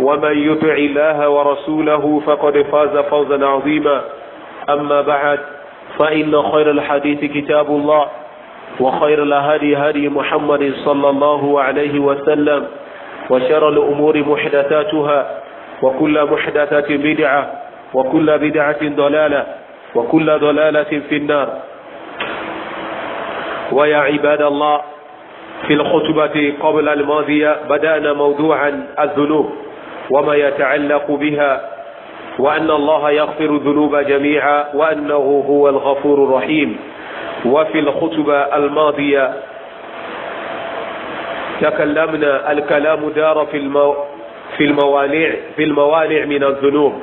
ومن يطع الله ورسوله فقد فاز فوزا عظيما أما بعد فإن خير الحديث كتاب الله وخير الهدي هدي محمد صلى الله عليه وسلم وشر الأمور محدثاتها وكل محدثات بدعة وكل بدعة ضلالة وكل ضلالة في النار ويا عباد الله في الخطبة قبل الماضية بدأنا موضوعا الذنوب وما يتعلق بها وأن الله يغفر الذنوب جميعا وأنه هو الغفور الرحيم وفي الخطبة الماضية تكلمنا الكلام دار في المو... في الموانع في الموانع من الذنوب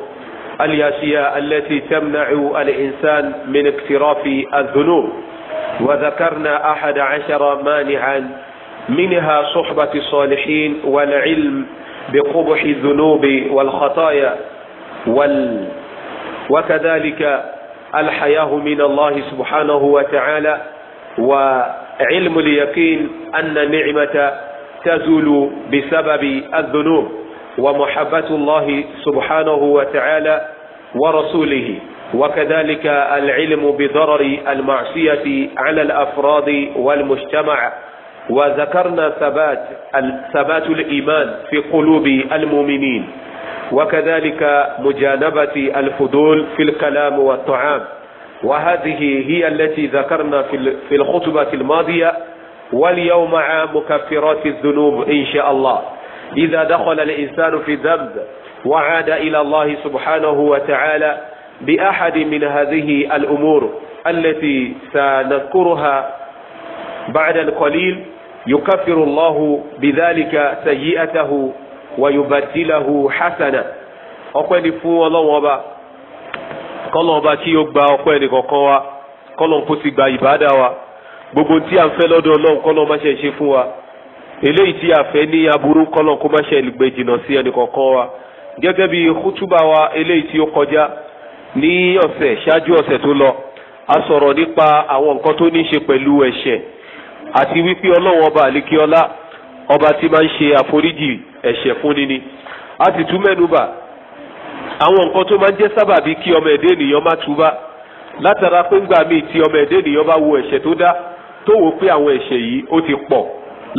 الياسية التي تمنع الإنسان من اقتراف الذنوب وذكرنا أحد عشر مانعا منها صحبة الصالحين والعلم بقبح الذنوب والخطايا وال وكذلك الحياه من الله سبحانه وتعالى وعلم اليقين أن النعمة تزول بسبب الذنوب ومحبة الله سبحانه وتعالى ورسوله وكذلك العلم بضرر المعصية على الأفراد والمجتمع وذكرنا ثبات ثبات الإيمان في قلوب المؤمنين وكذلك مجانبة الفضول في الكلام والطعام وهذه هي التي ذكرنا في الخطبة الماضية واليوم مع مكفرات الذنوب إن شاء الله إذا دخل الإنسان في ذنب وعاد إلى الله سبحانه وتعالى بأحد من هذه الأمور التي سنذكرها بعد القليل yukafiru الله بذلك سيئته ويبدله yubadilahu hasana ọpẹ́ ni fún ọlọ́wọ́n ọba kọ́lọ́n ọba kí ó gba ọpẹ́ ẹnì kọ̀ọ̀kan wa kọ́lọ́n kó sì gba ìbádà wa gbogbo tí a ń fẹ́ lọ́dọ̀ ọlọ́run kọ́lọ́n má ṣe ṣe fún wa eléyìí tí a fẹ́ ní aburú kọ́lọ́n kó má gbé jìnnà sí ẹnì wa gẹ́gẹ́ bí kútúbà wa eléyìí tí ó kọjá ní ọ̀sẹ̀ ṣáájú ọ̀sẹ̀ tó lọ a sọ̀rọ̀ nípa àwọn nǹkan tó ní ṣe pẹ̀lú ẹ̀ṣẹ̀ àti wípé ọlọ́run ọba àlékíọ́lá ọba tí máa ń ṣe àforíjì ẹ̀ṣẹ̀ fúnni ni a sì tún mẹ́nubà àwọn nǹkan tó máa ń jẹ́ sábàbí kí ọmọ ẹ̀dẹ́ ènìyàn má túbá látara pé ńgbà míì tí ọmọ ẹ̀dẹ́ ènìyàn bá wo ẹ̀ṣẹ̀ tó dá tó wò pé àwọn ẹ̀ṣẹ̀ yìí ó ti pọ̀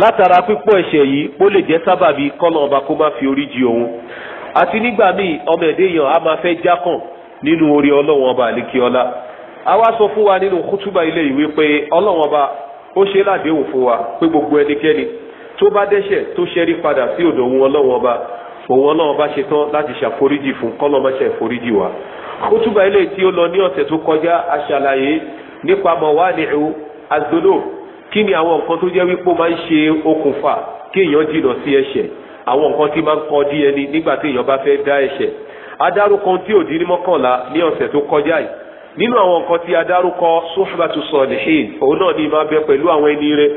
látara pípọ̀ ẹ̀ṣẹ̀ yìí ó lè jẹ́ sábàbí kọ́nà ọba kó má fi oríjì òun àti nígbà míì ọmọ ẹ̀dẹ́ èèyàn á máa fẹ́ jákàn nínú orí ọlọ́run ọba àlékíọ́lá a wá sọ fún wa nínú kútúbà ilé ìwé pé ọlọ́run ọba ó ṣe ládéhùn fún wa pé gbogbo ẹnikẹ́ni tó bá dẹ́ṣẹ̀ tó ṣẹ́rí padà sí ọ̀dọ̀ òun ọlọ́run ọba òun ọlọ́run ọba ṣe tán láti ṣàforíjì fún kọ́lọ́mọṣẹ́ ìforíjì wa ó túbọ̀ eléyìí tí ó lọ ní ọ̀sẹ̀ tó kọjá aṣàlàyé nípa mọ̀wálìú azolo kí ni àwọn nǹkan tó jẹ́ wípé ó máa ń ṣe okùnfà kí èèyàn jìnà sí ẹ̀ṣẹ̀ àwọn nǹkan tí máa ń kọ dí ẹni nígbà tí èèyàn bá fẹ́ dá ẹ̀ṣẹ̀ adárúkan tí ò dín ní mọ́kànlá ní ọ̀sẹ̀ tó kọjá yìí nínú àwọn nǹkan tí a dárúkọ suhbatu salihin òun náà ni máa bẹ pẹ̀lú àwọn ẹni rẹ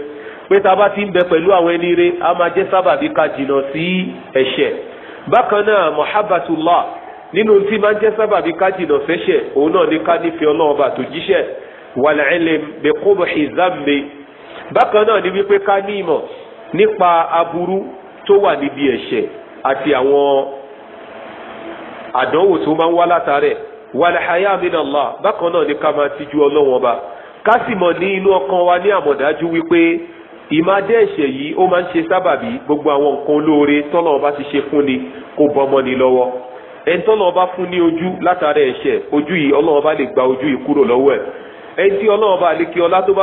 pé tá a bá ti ń bẹ pẹ̀lú àwọn ẹni rẹ a máa jẹ́ sábàbí ká jìnnà sí ẹ̀ṣẹ̀ bákan náà muhabbatullah nínú tí máa jẹ́ sábàbí ká jìnnà sẹ́ṣẹ̀ òun náà ni ká nífẹ̀ẹ́ Ọlọ́run bá tó jíṣẹ́ wal ilm bi bákan náà ni wípé ká ní ìmọ̀ nípa aburú tó wà níbi ẹ̀ṣẹ̀ àti àwọn àdánwò tó máa ń wá látàrẹ̀ wàlàhàyà àmìnàlá bákan náà ni ká máa tijú ọlọ́wọ́n ọba ká sì mọ̀ ní inú ọkàn wa ní àmọ̀dájú wípé ìmádẹ́ ẹ̀ṣẹ̀ yìí ó máa ń ṣe sábàbí gbogbo àwọn nǹkan olóore tọ́lọ̀ ọba ti ṣe fún ni kó bọ́mọ ni lọ́wọ́ ẹni tọ́lọ̀ ọba fún ojú látara ẹ̀ṣẹ̀ gba ojú yìí kúrò lọ́wọ́ ẹ̀ ẹni tí lè kí ọlá tó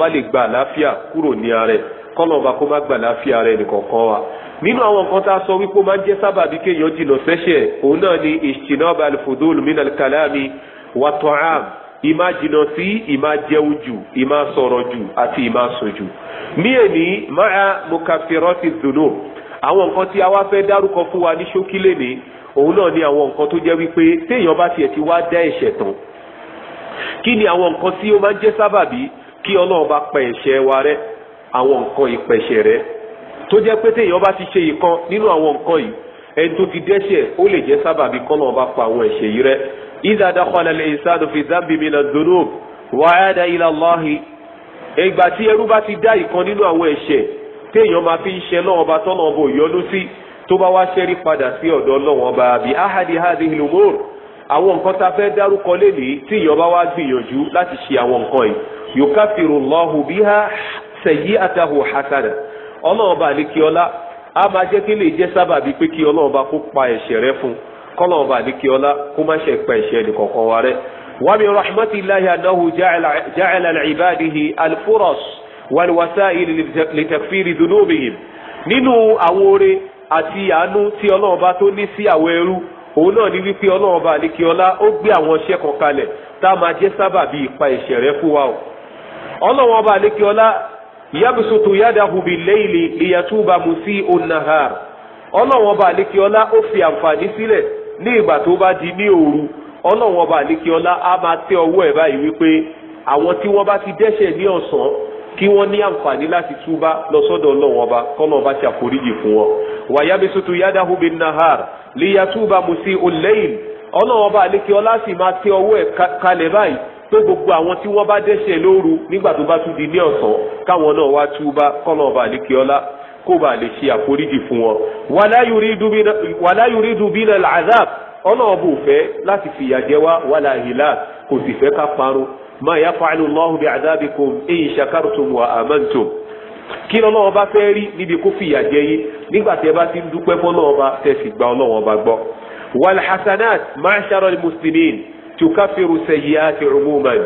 bá gba àlàáfíà kúrò ní ara ẹ̀ kó má wa nínú àwọn nǹkan tá a sọ wípé ó máa ń jẹ́ sábàbí kéèyàn jìnnà sẹ́ṣẹ̀ òun náà ni ìṣìnàbà alfudul minal kalami wa ta'am ìmá jìnnà sí ìmá jẹun jù ìmá sọ̀rọ̀ jù àti ìmá sùn jù. ní èní máa mukafirati dhunub àwọn nǹkan tí a wá fẹ́ dárúkọ fún wa ní ṣókílẹ̀ ni òun náà ni àwọn nǹkan tó jẹ́ wípé téèyàn bá tiẹ̀ ti wá dá ẹ̀ṣẹ̀ tán kí ni àwọn nǹkan tí ó máa ń jẹ́ sábàbí kí Ọlọ́run bá pa ẹ̀ṣẹ̀ wa rẹ́ àwọn nǹkan ìpẹ̀ṣẹ̀ rẹ́ tó jẹ́ pé téèyàn bá ti ṣe ìkan nínú àwọn nǹkan yìí ẹni tó ti dẹ́ṣẹ̀ ó lè jẹ́ sábàbí kọ́nà ọba pa àwọn ẹ̀ṣẹ̀ yìí rẹ́ idha dakhala al-insanu fi dhanbi min adh-dhunub wa 'ada ila Allah ìgbà tí ẹrú bá ti dá ìkan nínú àwọn ẹ̀ṣẹ̀ téèyàn máa fi ń ṣe lọ́wọ́ ọba tọ́nà ọba òyọ́nú sí tó bá wá ṣẹ́rí padà sí ọ̀dọ̀ ọlọ́wọ́n bá ọlọ́run bá ní kí ọlá a máa jẹ́ kí lè jẹ́ sábà bíi pé kí ọlọ́run bá kó pa ẹ̀ṣẹ̀ rẹ fún kọ́lọ́run bá ní kí ọlá kó má ṣe pa ẹ̀ṣẹ̀ nìkọ̀ọ̀kan wa rẹ. wa min rahmatillahi annahu ja'ala al-ibadihi al-furas wal-wasa'il litakfiri dhunubihim nínú àwọn oore àti àánú tí ọlọ́run bá tó ní sí àwọn ẹrú òun náà ni wípé ọlọ́run bá ní kí ọlá ó gbé àwọn iṣẹ́ kan kalẹ̀ tá a máa jẹ́ sábà bíi ìpa ẹ̀ṣẹ̀ rẹ fún wa o ọlọ́run bá ní yabusutu yadahu bilayli liyatuba musi onahar ọlọ́run ọba àlékiọlá ó fi àǹfààní sílẹ̀ ní ìgbà tó bá di ní òru ọlọ́run ọba àlékiọlá á máa tẹ ọwọ́ ẹ̀ báyìí wípé àwọn tí wọ́n bá ti dẹ́ṣẹ̀ ní ọ̀sán kí wọ́n ní àǹfààní láti túbá lọ sọ́dọ̀ ọlọ́run ọba kọ́nà ọba ti àforíjì fún wọn. wàyábísùtù yadahu bin nahar liyatuba musi olayl ọlọ́run ọba àlékiọlá sì máa tẹ ọwọ́ ẹ̀ kalẹ̀ báyìí tó gbogbo àwọn tí wọ́n bá dẹ́ṣẹ̀ lóru nígbà tó bá tún di ní ọ̀sán káwọn náà wá túbá kọ́nà ọba àlékiọ́lá kó bá lè ṣe àforíjì fún wọn. wàlá yuridu bina al-azab ọlọ́ọ̀bù fẹ́ láti fìyà jẹ wá wàlá ìlà kò sì fẹ́ ká parun ma yaf'alu Allahu bi'adabikum in shakartum wa amantum kí lọ́wọ́ bá fẹ́ rí níbi kó fìyà jẹ yín nígbà tí bá ti ń dúpẹ́ fọ́lọ́wọ́ bá tẹ̀sí gba ọlọ́wọ́ bá gbọ́. wal hasanat ma'shara al-muslimin tukafiru sayyiati umuman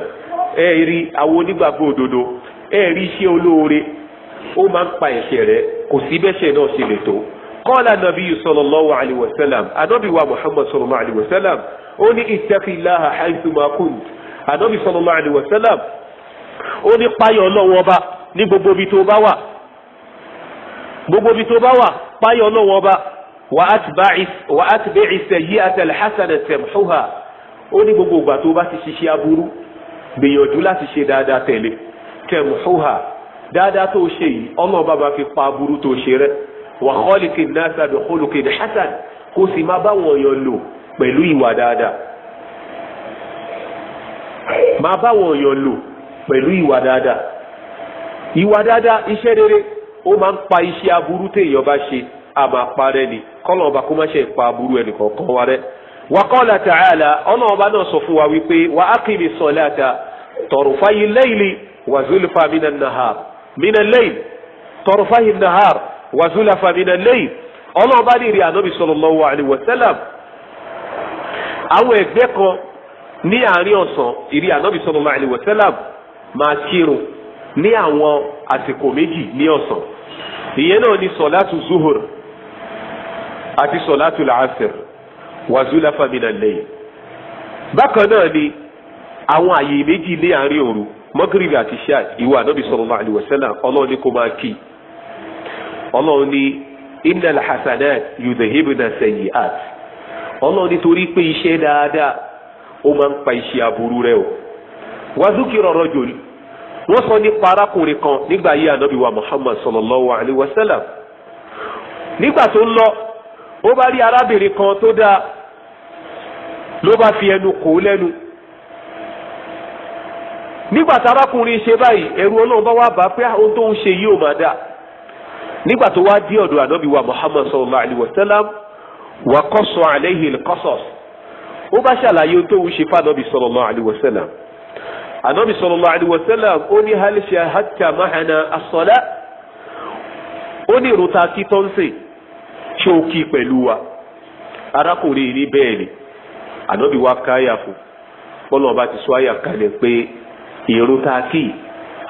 ẹ rí àwọn onígbàgbọ́ òdodo ẹ rí iṣẹ́ olóore ó máa ń pa ẹ̀ṣẹ̀ rẹ kò sí bẹ́ṣẹ̀ náà ṣe lè tó qala nabiyyu sallallahu alayhi wa sallam anabi wa muhammad sallallahu alayhi ó ní ittaqillaha haythuma kunt anabi sallallahu ó ní páyọ̀ ọlọ́wọ́ ọba ní gbogbo ibi tó bá wà gbogbo ibi tó bá wà páyọ̀ ọlọ́wọ́ ọba wa atbi'is sayyi'ata alhasanata tamhuha ó ní gbogbo ìgbà tó bá ti ṣiṣẹ́ aburú gbìyànjú láti ṣe dáadáa tẹ̀lé tẹ̀mùhúhà dáadáa tó ṣe yìí ọlọ́run bá fi pa aburú tó ṣe rẹ wà kọ́lìkì náà bi khuluqin hasan kó sì má bá wọn yàn lò pẹ̀lú ìwà dáadáa má bá wọn yàn lò pẹ̀lú ìwà dáadáa ìwà dáadáa iṣẹ́ rere ó máa ń pa iṣẹ́ aburú téèyàn bá ṣe àmàparẹ́ ni kọ́lọ́ọ̀bà kó má ṣe pa aburú wa rẹ́ wàkọ́lá tààlà ọlọ́ọ̀bá náà sọ fún wa wípé wà á kìlì sọ̀láta tọ̀rùfáyì lẹ́yìnlì wà zúlùfà mìnà nàhàr mìnà lẹ́yìn tọ̀rùfáyì nàhàr wà zúlùfà mìnà lẹ́yìn ọlọ́ọ̀bá ní ìrìn ànábì sallallahu alaihi wasallam àwọn ẹgbẹ́ kan ní àárín ọ̀sán ìrìn ànábì sallallahu alaihi wasallam máa kírun ní àwọn àsìkò méjì ní ọ̀sán ìyẹn náà ni sọ̀látù zuhur àti sọ̀látù làásìrì wàzúlà fàmìnà lẹ́yìn bákan náà ni àwọn àyè méjì ní àárín òru mọ́gìrìbì àti ṣáà ìwà ànábì sallallahu alaihi wasallam ọlọ́run ní kó máa kí ọlọ́run ní innal hasanat yudhhibna sayyi'at ọlọ́run nítorí pé iṣẹ́ dáadáa ó máa ń pa iṣẹ́ aburú rẹ o wazukira rajul wọ́n sọ nípa arákùnrin kan nígbà yí ànábì wa Muhammad sallallahu alaihi wasallam nígbà tó ń lọ ó bá rí arábìnrin kan tó dáa ló bá fi ẹnu kò ó lẹ́nu nígbà tí arákùnrin ṣe báyìí ẹ̀rù ọlọ́run bá wá bá pé ah, ohun tó ń ṣe yìí ò máa dà nígbà tó wa muhammad sallallahu alayhi wa sallam wa qassa alayhi al ó bá ṣàlàyé ohun tó ń ṣe fànábì sallallahu alayhi wa sallam ànábì sallallahu alayhi wa sallam ó ní ma'ana as ó ní ìrùta kí ànábì wa ká àyà fún bọ́lá ọba ti sọ àyà kalẹ̀ pé ìrun tá a kì í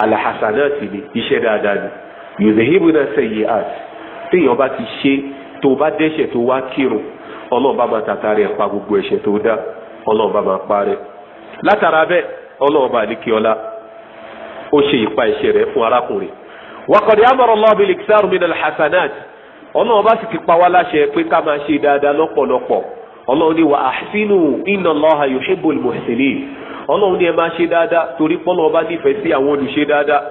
alahasanati ni iṣẹ́ dáadáa ni yòzèhìbù náà sẹ́yìn àt téèyàn bá ti ṣe tó bá dẹ́ṣẹ̀ tó wá kírun ọlọ́run bá máa tàta rẹ̀ pa gbogbo ẹ̀ṣẹ̀ tó dá ọlọ́run bá máa pa rẹ̀ látara bẹ́ẹ̀ ọlọ́run bá ó ṣe ìpa ẹ̀ṣẹ̀ rẹ̀ fún arákùnrin wakọ̀dé amọ̀rọ̀lọ́ bíi lè sáàrùn mi náà hasanat ọlọ́run sì ti pa wá láṣẹ pé ká máa ṣe dáadáa lọ́pọ̀lọpọ̀ ọlọ́run ní wa àṣínú inna Allaha yuhibbul muhsinin ọlọ́run ní ẹ máa ṣe dáadáa torí pọ́lọ́ ọba nífẹ̀ẹ́ sí àwọn olùṣe dáadáa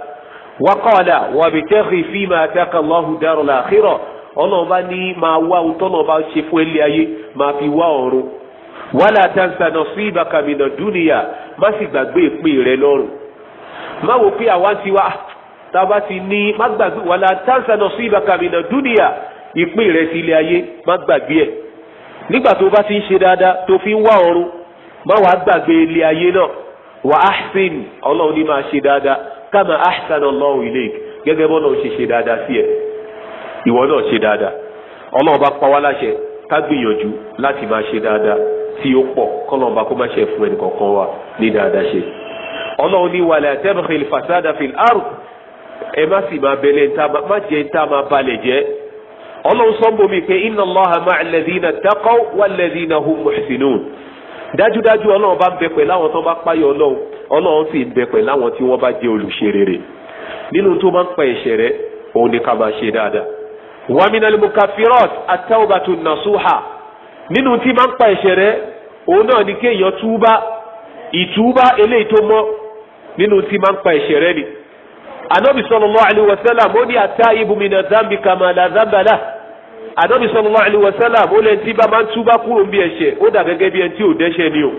wa qala wabtaghi fima ataka Allahu daral akhirah ọlọ́run bá ní máa wá ohun tọ́lọ́ bá ṣe fún ilé ayé máa fi wá ọ̀run wala tansa nasibaka mina dunya má sì gbàgbé ìpín rẹ lọ́run má wò pé àwa ti wá tába ti ní má gbàgbé wala tansa nasibaka mina dunya ìpín rẹ sí ilé ayé má gbàgbé ẹ̀ nígbà tó bá ti ń ṣe dáadáa tó fi ń wá ọ̀run má wàá gbàgbé ilé ayé náà wà áhsìn ọlọ́run ní máa ṣe dáadáa káma áhsàn ọlọ́run ilé gẹ́gẹ́ bọ́ náà ṣe ṣe dáadáa sí ẹ ìwọ náà ṣe dáadáa ọlọ́run bá pa wá láṣẹ ká gbìyànjú láti máa ṣe dáadáa tí ó pọ̀ kọ́lọ́run bá kó má ṣe fún ẹnìkọ̀ọ̀kan wa ní dáadáa ṣe ọlọ́run ní wàlẹ̀ àtẹ́bùkìlì fàsádà àrùn ẹ má sì máa bẹ̀lẹ̀ má jẹ́ tá máa balẹ̀ jẹ́ ọlọ́run sọ bomi pé inna Allaha ma'a alladhina taqaw walladhina hum muhsinun dájúdájú ọlọ́run bá ń bẹ pẹ̀lú àwọn tó bá páyọ̀ ọlọ́run ọlọ́run sì ń bẹ pẹ̀lú àwọn tí wọ́n bá jẹ́ olùṣe rere nínú tó bá ń pa ẹ̀ṣẹ̀ rẹ òun ni ká máa ṣe dáadáa. wa minal mukafirat at-tawbatu nasuha nínú tí máa ń pa ẹ̀ṣẹ̀ rẹ òun náà ni anabi sallallahu alayhi wa sallam ó ní ataibu mina zambi kama la zamba la anabi sallallahu alayhi wa sallam ó lẹ́ni tí bá máa ń túbá kúrò bí ẹ̀ṣẹ̀ ó dà gẹ́gẹ́ bí ẹni ni o.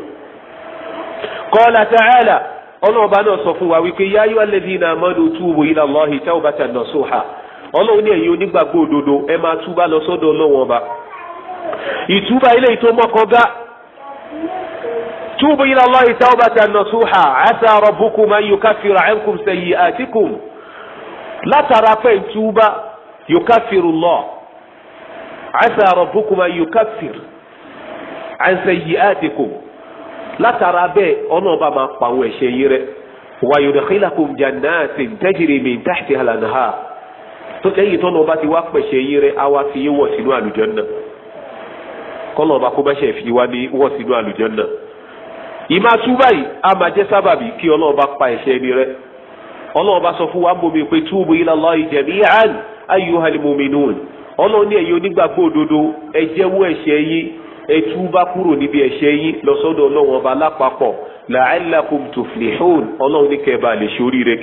qala ta'ala ọlọ́ọ̀bá náà sọ fún wa wípé ya ayyuha alladhina amanu tubu ila Allahi tawbatan nasuha ọlọ́run ní ẹ̀yin onígbàgbọ́ òdodo ẹ máa túbá lọ sọ́dọ̀ ọlọ́wọ́n ọba ìtúbà ilé ìtò mọ́kànlá túbú ilé aláhi tawbatan nasuha asa rabbukum an yukaffira ankum sayyi'atikum látara pé túbá yukaffiru Allah asa rabbukum an yukaffir an sayyi'atikum látara bẹ́ẹ̀ ọlọ́ọ̀bá máa pa àwọn ẹ̀ṣẹ̀ yìí rẹ̀ wa yudkhilakum jannatin tajri min tahtiha al-anhar tó tẹ́yì tọ́nà ọba ti wá pẹ̀ṣẹ̀ yín rẹ̀ á wá fi yín wọ̀ sínú àlùjànnà kọ́nà ọba kó bá ṣe fi wá ní wọ̀ sínú àlùjànnà. ìmàtúbà yìí a máa jẹ́ sábàbí kí ọlọ́ọ̀bá pa ẹ̀ṣẹ̀ ẹni rẹ ọlọ́ọ̀bá sọ fún wa mọ̀mí pé túbú ila Allahi jami'an ayyuhal mu'minun ọlọ́ọ̀ni ẹ̀yin onígbàgbọ́ òdodo ẹ jẹ́wọ́ ẹ̀ṣẹ̀ yín ẹ túbá kúrò níbi ẹ̀ṣẹ̀ yín ọba lápapọ̀ la'allakum tuflihun ọlọ́ọ̀ni kẹba lè ṣoríire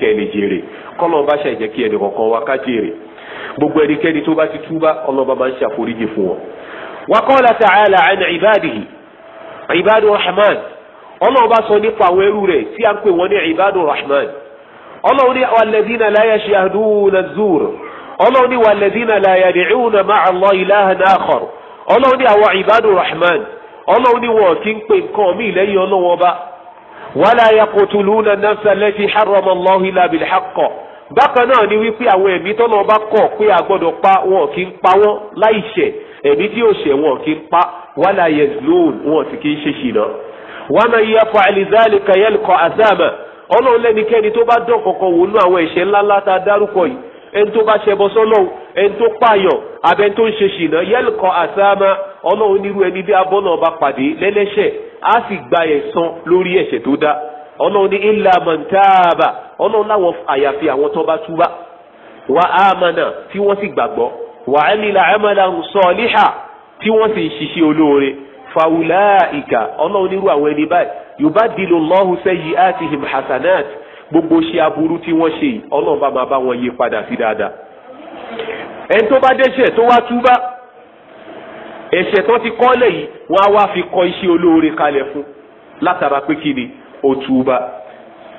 gbogbo ẹnikẹ́ni tó bá ti túbá máa ń ṣàforíjì fún wọn. ta'ala ibadu rahman ọlọ́run bá sọ nípa àwọn ẹrú rẹ̀ tí a ń pè wọ́n ní ibadu rahman ọlọ́run ní walladhina la yashhaduna zur ọlọ́run ní walladhina la yad'una ma'a Allahi ilahan akhar ọlọ́run ní àwọn ibadu rahman ọlọ́run ní wọn kì í pè nǹkan mí lẹ́yìn ọlọ́run ọba wala yaqtuluna nafsa allati harrama Allahu illa bil haqq bákan náà ni wípé àwọn ẹ̀mí tọ́nà ọba kọ̀ pé a pa wọn kì í pa wọn láìṣẹ̀ ẹ̀mí tí ò ṣẹ̀ wọn kì í pa wala yazlun wọn sì kì í ṣe ṣìnà wa man yaf'al dhalika yalqa azama ọlọ́run lẹ́nikẹ́ni tó bá dán kankan wò nú àwọn ẹ̀ṣẹ̀ ńláńlá tá a dárúkọ yìí ẹni tó bá ṣẹbọ sọ́lọ́run ẹni tó pààyàn abẹ́ni tó ń ṣe ṣìnà yalqa azama ọlọ́run nírú ẹni bí abọ́ náà pàdé lẹ́lẹ́ṣẹ̀ á sì gba ẹ̀san lórí ẹ̀ṣẹ̀ tó dá ọlọ́run ní illa man taaba láwọn àyàfi àwọn tó bá túbá wa amana tí wọ́n sì gbàgbọ́ wa amila amalan saliha fàwùláìkà ọlọ́run nírú àwọn ẹni báyìí yubadilu Allahu sayyiatihim hasanat gbogbo ṣe aburú tí wọ́n ṣe yìí ọlọ́run bá máa bá wọn yí padà sí dáadáa. ẹni tó bá dẹ́ṣẹ̀ tó wá túbá ẹ̀ṣẹ̀ tó ti kọ́lẹ̀ yìí wọ́n á wá fi kọ́ iṣẹ́ olóore kalẹ̀ fún látara pé kí ni ó túbá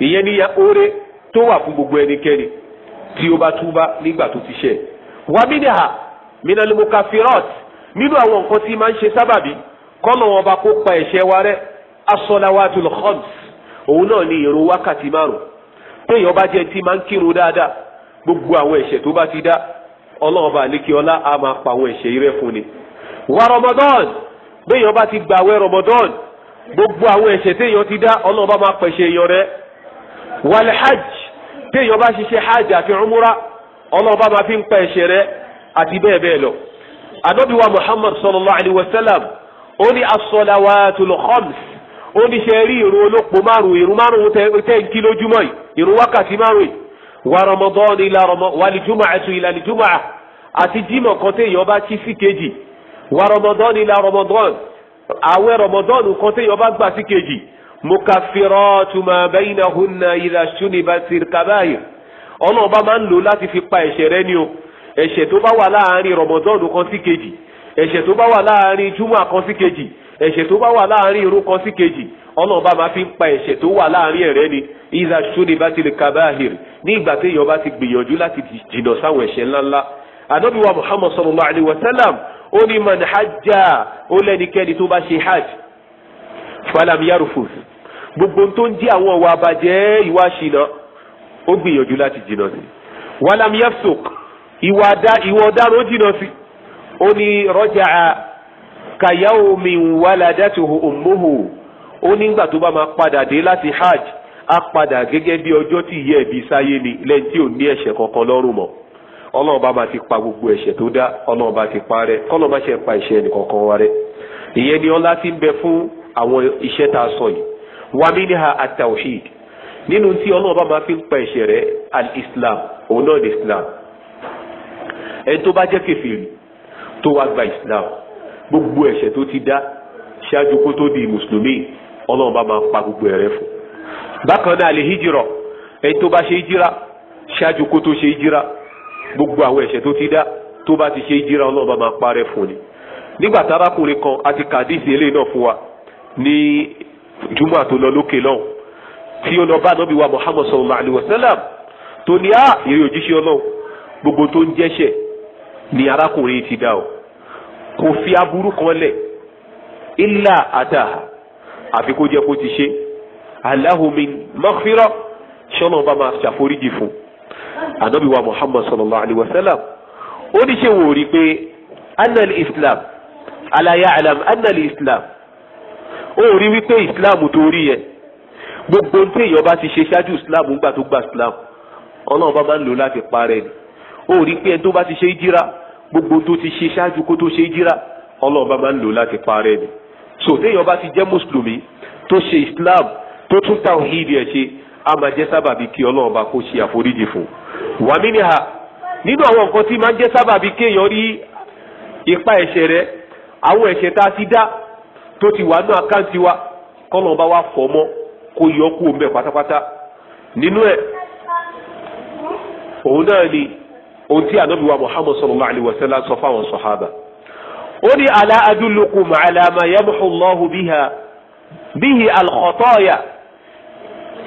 ìyẹn ni oore tó wà fún gbogbo ẹnikẹ́ni tí ó bá túbá nígbà tó ti ṣẹ̀ wàmínà mínàlùmọ́kàfírọ́t nínú àwọn nǹkan tí máa ń ṣe sábàbí kọ́nà bá kó pa ẹ̀ṣẹ̀ wa rẹ́ asọ́láwàtul khams òun náà ni ìrun wákàtí márùn téèyàn bá jẹ́ tí máa ń kírun dáadáa gbogbo àwọn ẹ̀ṣẹ̀ tó bá ti dá ọlọ́run bá ní kí ọlá a máa pa àwọn ẹ̀ṣẹ̀ rẹ́ fún ni. wà bá ti gbogbo àwọn ẹ̀ṣẹ̀ téèyàn ti dá ọlọ́run bá máa pẹ̀ṣẹ̀ hajj bá umura bá máa fi ń pa ẹ̀ṣẹ̀ rẹ́ àti bẹ́ẹ̀ bẹ́ẹ̀ sallallahu alayhi wa sallam ó ní as-salawatul khams ó ní ṣe rí ìrun olópo márùn ìrun márùn tẹ́ ń kí lójúmọ́ yìí ìrun wákàtí márùn wa ramadan ila ramadan wal jumu'atu ila al jumu'ah àti jímọ̀ kan téèyàn bá kí sí kejì wa ramadan ila ramadan àwẹ̀ ramadan kan téèyàn bá gbà sí kejì mukaffiratu ma ẹ̀ṣẹ̀ tó bá wà láàrin júmọ̀ kan sí kejì ẹ̀ṣẹ̀ tó bá wà láàrin irun kan sí kejì ọlọ́run bá máa fi ń pa ẹ̀ṣẹ̀ tó wà láàrin ẹ̀rẹ́ ni iza suni bá ti lè kabahir ní ìgbà téèyàn bá ti gbìyànjú láti jìnnà sáwọn ẹ̀ṣẹ̀ ńláńlá anabi wa muhammad sallallahu alayhi wa sallam ó ní man hajja ó lẹ́nikẹ́ni tó bá ṣe hajj falam yarufus gbogbo tó ń jẹ́ àwọn ọ̀wà àbàjẹ́ ìwà ṣìnà ó gbìyànjú láti jìnnà sí walam yafsuk ìwà ọ̀daràn ó jìnnà sí. ó ní rọ́jà kàyáomi wàládàtúhù ummuhu ó nígbà tó bá máa padà dé láti hajj á padà gẹ́gẹ́ bí ọjọ́ tí ìyá ẹ̀bí sáyé ni lẹ́yìn tí ò ní ẹ̀ṣẹ̀ kankan lọ́rùn mọ́ ọlọ́run bá máa ti pa gbogbo ẹ̀ṣẹ̀ tó dá ọlọ́run bá ti pa rẹ kọ́lọ́ má ṣe pa ẹ̀ṣẹ̀ nìkankan wa rẹ ìyẹn ni ọlá ti ń bẹ fún àwọn iṣẹ́ tá a sọ yìí ni ha at nínú tí ọlọ́run bá máa fi pa ẹ̀ṣẹ̀ rẹ al-islam òun náà ni islam ẹni tó bá jẹ́ kẹfìrì tó wá gba islam gbogbo ẹ̀ṣẹ̀ tó ti dá ṣáájú kó tó di mùsùlùmí ọlọ́run bá máa pa gbogbo ẹ̀rẹ́ fún. bákan náà lè ẹni tó bá ṣe hijira ṣáájú kó tó ṣe hijira gbogbo àwọn ẹ̀ṣẹ̀ tó ti dá tó bá ti ṣe hijira ọlọ́run bá máa parẹ́ fún ni. nígbà kan àti kàdíìsì eléyìí náà fún wa ní jùmọ̀ lọ lókè lọ́hùn tí ó lọ wa muhammad sallallahu alayhi wa sallam tó ní kò fi aburú kan lẹ̀ ilà àtàhà àfi kó jẹ́ kó ti ṣe aláhùnmi maghfira ṣọ́nà bá máa ṣàforíjì fún anabi wa muhammad sallallahu alayhi wa sallam ó ní ṣe wò rí pé anal islam ala ya'lam anal islam ó rí wípé islam tó rí yẹn gbogbo ní èèyàn bá ti ṣe ṣáájú islam ńgbà tó gba islam ọlọ́run bá máa ń lò láti parẹ́ ni ó rí pé ẹni tó bá ti ṣe ìjírá gbogbo tó ti ṣe ṣáájú kó tó ṣe jíra ọlọ́run bá máa ń lò láti parẹ́ ni so téèyàn bá ti jẹ́ mùsùlùmí tó ṣe islam tó tún tawhid ẹ̀ ṣe a máa jẹ́ sábàbí kí ọlọ́run bá kó ṣe àforíjì fún un wà mí ni ha nínú àwọn nǹkan tí máa ń jẹ́ rí ipa ẹ̀ṣẹ̀ rẹ àwọn ẹ̀ṣẹ̀ tá a ti dá tó ti wà ní àkáǹtì wa kọ́lọ́n bá ohun tí ànábì muhammad sallallahu alayhi wa sallam sọ fáwọn ó ní ala adullukum ala ma Allahu biha bihi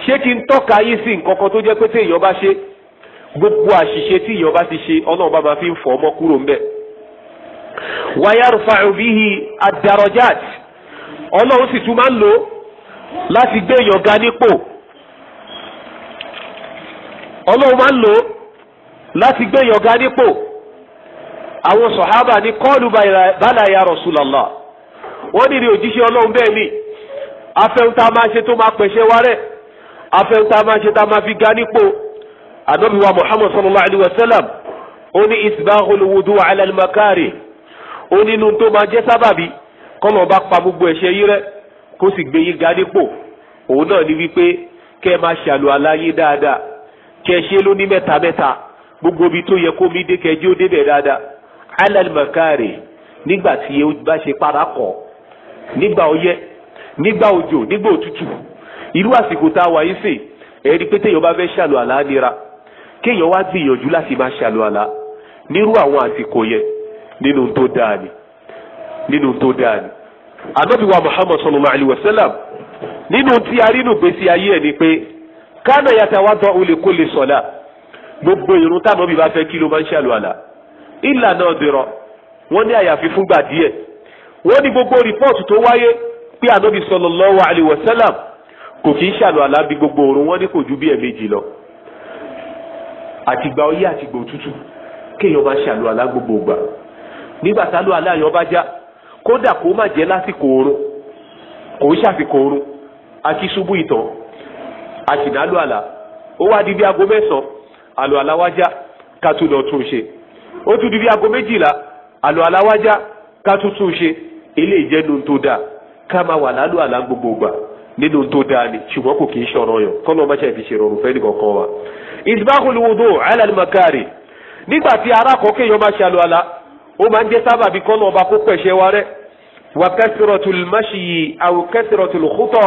ṣé kí n tọ́ka yín sí tó jẹ́ pé tí èèyàn bá ṣe gbogbo àṣìṣe tí èèyàn bá ti ṣe ọlọ́run máa fi ń fọ̀ ọmọ kúrò ń bẹ̀. wa yarfa'u bihi ad-darajat ọlọ́run sì tún máa ń lò láti láti gbé yọ̀gá nípò àwọn sọ̀hábà ní kọ́ọ̀lù bàlàyà Rasulullah wọ́n ní ní òjíṣẹ́ ọlọ́run bẹ́ẹ̀ ni afẹ́ntà máa ṣe tó máa pèsè wa rẹ̀ afẹ́ntà máa ṣe tá máa fi ga nípò anabiwa Muhammad sallallahu alayhi wa sallam ó ní isbahul wudu ala al-makari ó nínú tó máa jẹ́ sábàbí kọ́lọ̀ bá pa gbogbo ẹ̀ṣẹ̀ yìí rẹ̀ kó sì gbé yín ga nípò òun náà ní wípé kẹ́ máa ṣàlù aláyé dáadáa kẹ́ ṣe lóní mẹ́ta mẹ́ta gbogbo ibi tó yẹ kó mi dé kẹjí ó débẹ̀ dáadáa alalimakari nígbà tí o bá ṣe para kọ nígbà ọyẹ́ nígbà òjò nígbà òtútù irú àsìkò tá a wà yín sè ẹ rí i pé bá fẹ́ ṣàlù àlá nira kéèyàn wá gbìyànjú láti máa ṣàlù àlá nírú àwọn àsìkò yẹn nínú tó dáa ni nínú tó dáa ni anabi muhammad sallallahu alayhi wa sallam nínú tí a gbèsè ayé ẹ ni pé kánà yàtọ̀ wá dán olè kó lè sọ̀lá gbogbo irun táwọn bí bá fẹ́ kí ló máa ń ṣàlùwàlà ìlànà ọ̀dẹ̀rọ̀ wọ́n ní àyàfi fúngbà díẹ̀ wọ́n ní gbogbo rìpọ́ọ̀tù tó wáyé pé ànábì sallallahu alaihi wasallam kò kí ń ṣàlùwàlà bí gbogbo òrùn wọ́n ní kò ju bí ẹ̀ẹ̀mejì lọ àtìgbà ọyẹ́ àtìgbà òtútù kéèyàn máa ṣàlùwàlà gbogbo ògbà nígbà tálùwàlà yọ bá já kódà kó má jẹ́ lásìkò oorun kò ń ṣàfikò oorun akíṣubú ìtàn àṣìnálùwàlà ó wá di bí aago mẹ́sàn-án àlọ́ aláwájá ká tún lọ tún ṣe ó tún di bí aago méjìlá àlọ́ aláwájá ká tún tún ṣe ilé ìjẹ́nu tó dáa ká máa wà lálù àlá gbogbo gbà nínú tó dáa ni ṣùgbọ́n kò kì í ṣọ̀rọ̀ yàn kọ́nà ọmọ ṣe fi ṣe rọrùn fẹ́ nìkankan wa. isbahul wudu ala al-makari nígbà tí ara kọ́kẹ́ yọ máa ṣe àlọ́ àlá ó máa ń jẹ́ sábà bí kọ́nà ọba kó pẹ̀ṣẹ̀ wa rẹ́ wà kẹ́sìrọ̀tul mashyi aw kẹ́sìrọ̀tul khuta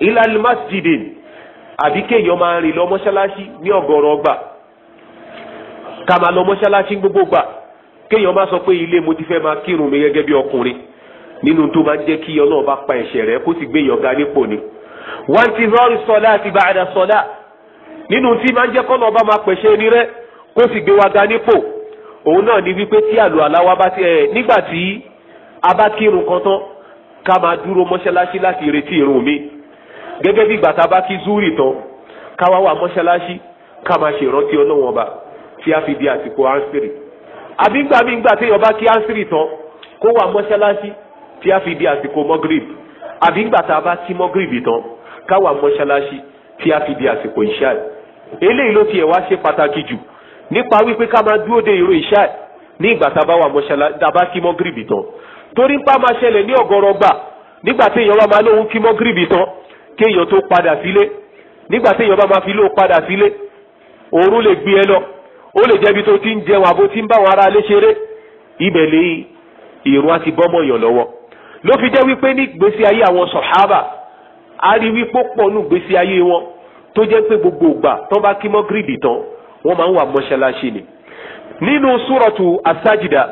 ila al-masjidin àbí kéèyàn máa rìn lọ mọ́ṣáláṣí ní ọ̀gọ̀rọ̀ ọgbà Kama máa lọ mọ́ṣáláṣí gbogbo gbà kéèyàn má sọ pé ilé mo ti fẹ́ máa kírun mi gẹ́gẹ́ bí ọkùnrin nínú tó máa ń jẹ́ kí ọlọ́run bá pa ẹ̀ṣẹ̀ rẹ̀ kó sì gbé èèyàn ga nípò ni. wọ́n ti rọrí sọlá àti bàdà sọlá nínú tí máa ń jẹ́ kọ́nà ọba máa pẹ̀ṣẹ̀ ní rẹ̀ kó sì gbé wa ga nípò òun náà ni wípé tí àlọ́ àláwa bá ti ẹ̀ nígbà tí a bá kírun kan tán ká máa dúró mọ́ṣáláṣí láti retí irun mi gẹ́gẹ́ bí gbàtà bá kí zúrì tán ká wá wà mọ́ṣáláṣí ká máa ṣèrántí ọlọ́run ọba tí a fi di àsìkò ansiri àbí gbàmígbà tí yọba kí ansiri tán kó wà mọ́ṣáláṣí tí a fi di àsìkò mọ́gírìb àbí gbà tá a bá kí mọ́gírìb tán ká wà mọ́ṣáláṣí tí a fi di àsìkò ìṣáì eléyìí ló tiẹ̀ wá ṣe pàtàkì jù nípa wípé ká máa dúró de ìró ìṣáì ní ìgbà tá a bá wà mọ́ṣáláṣí tá a bá kí mọ́gírìb tán torí ń pa máa ṣẹlẹ̀ ní ọ̀gọ̀rọ̀ gbà nígbà tí èèyàn bá máa lóhun kí mọ́gírìb tán kéèyàn tó padà sílé nígbà tí èèyàn bá ó lè jẹ́bi tó ti ń jẹun àbó tí ń bá àwọn ará ilé ṣeré ibẹ̀ lè ìrun á ti bọ́ mọ̀yàn lọ́wọ́ ló fi jẹ́ wípé ní ìgbésí ayé àwọn sọ̀hábà á rí wípé pọ̀ nù ìgbésí ayé wọn tó jẹ́ pé gbogbo ìgbà tán bá kí mọ́ tán wọ́n máa ń wà mọ́ṣáláṣí ni nínú súrọ̀tù àsájìdá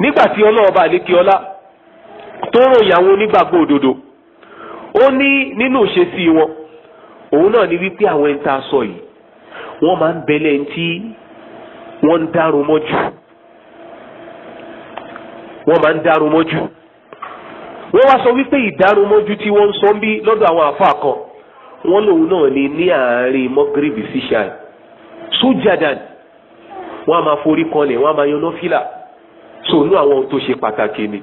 nígbà tí ọlọ́ọ̀bá àlékiọlá tó ròyìn àwọn onígbàgbọ́ òdodo ó ní nínú ìṣesí wọn òun náà ni wípé àwọn ẹni tá a sọ yìí wọ́n máa ń bẹ̀lẹ̀ tí wọ́n ń dárò mọ́jú wọ́n máa ń dárò mọ́jú wọ́n wá sọ wípé ìdárò mọ́jú tí wọ́n ń sọ bí lọ́dọ̀ àwọn àfáà kan wọ́n lòun náà ní ní àárín mọ́gírìbì síṣà sójàdàn wọ́n á máa forí kanlẹ̀ wọ́n á máa yan nọ́fìlà sònú àwọn ohun tó ṣe pàtàkì ni